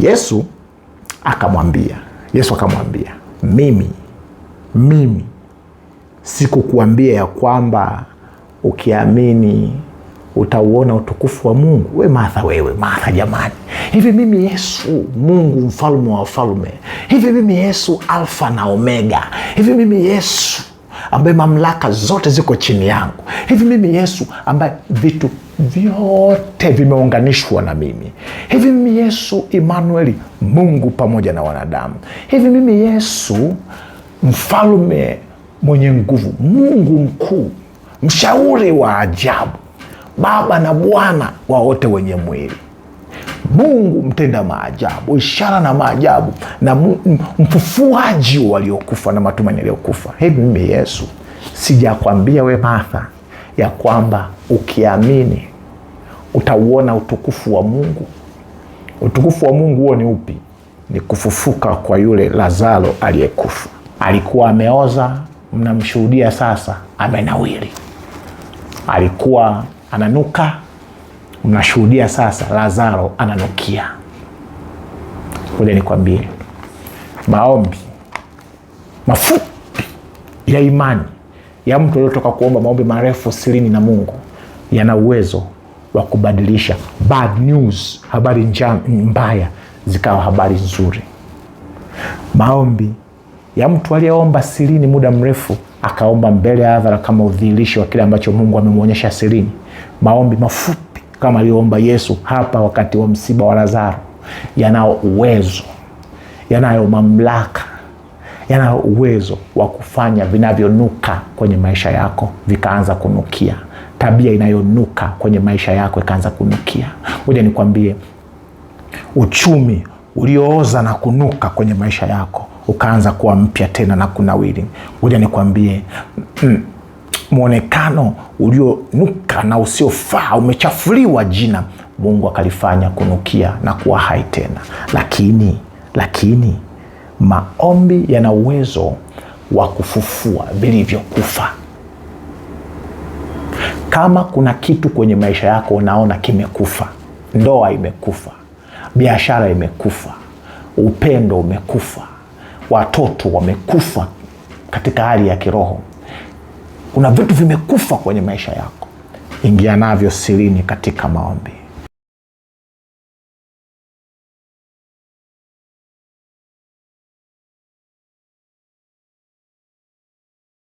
Yesu akamwambia, Yesu akamwambia, mimi mimi sikukuambia ya kwamba ukiamini utauona utukufu wa Mungu? We Martha, wewe Martha, jamani, hivi mimi Yesu Mungu mfalme wa wafalme, hivi mimi Yesu Alfa na Omega, hivi mimi Yesu ambaye mamlaka zote ziko chini yangu. Hivi mimi Yesu ambaye vitu vyote vimeunganishwa na mimi. Hivi mimi Yesu Emanueli, Mungu pamoja na wanadamu. Hivi mimi Yesu mfalme mwenye nguvu, Mungu mkuu, mshauri wa ajabu, Baba na Bwana wa wote wenye mwili. Mungu mtenda maajabu, ishara na maajabu, na mfufuaji waliokufa na matumaini yaliyokufa. Hebu mimi Yesu sijakwambia we Martha ya kwamba ukiamini utauona utukufu wa Mungu? Utukufu wa Mungu huo ni upi? Ni kufufuka kwa yule Lazaro aliyekufa. Alikuwa ameoza, mnamshuhudia sasa amenawiri, alikuwa ananuka unashuhudia sasa Lazaro ananukia. Ngoja nikwambie, maombi mafupi ya imani ya mtu aliyotoka kuomba maombi marefu sirini na Mungu yana uwezo wa kubadilisha bad news, habari mbaya zikawa habari nzuri. Maombi ya mtu aliyeomba sirini muda mrefu akaomba mbele ya hadhara kama udhihirisho wa kile ambacho Mungu amemwonyesha sirini, maombi mafupi kama alivyoomba Yesu hapa wakati wa msiba wa Lazaro, yanao uwezo, yanayo mamlaka, yanayo uwezo wa kufanya vinavyonuka kwenye maisha yako vikaanza kunukia. Tabia inayonuka kwenye maisha yako ikaanza kunukia. Ngoja nikwambie, uchumi uliooza na kunuka kwenye maisha yako ukaanza kuwa mpya tena na kunawili. Ngoja nikwambie mm mwonekano ulionuka na usiofaa, umechafuliwa jina, Mungu akalifanya kunukia na kuwa hai tena. Lakini lakini maombi yana uwezo wa kufufua vilivyokufa. Kama kuna kitu kwenye maisha yako unaona kimekufa, ndoa imekufa, biashara imekufa, upendo umekufa, watoto wamekufa katika hali ya kiroho kuna vitu vimekufa kwenye maisha yako, ingia navyo sirini katika maombi.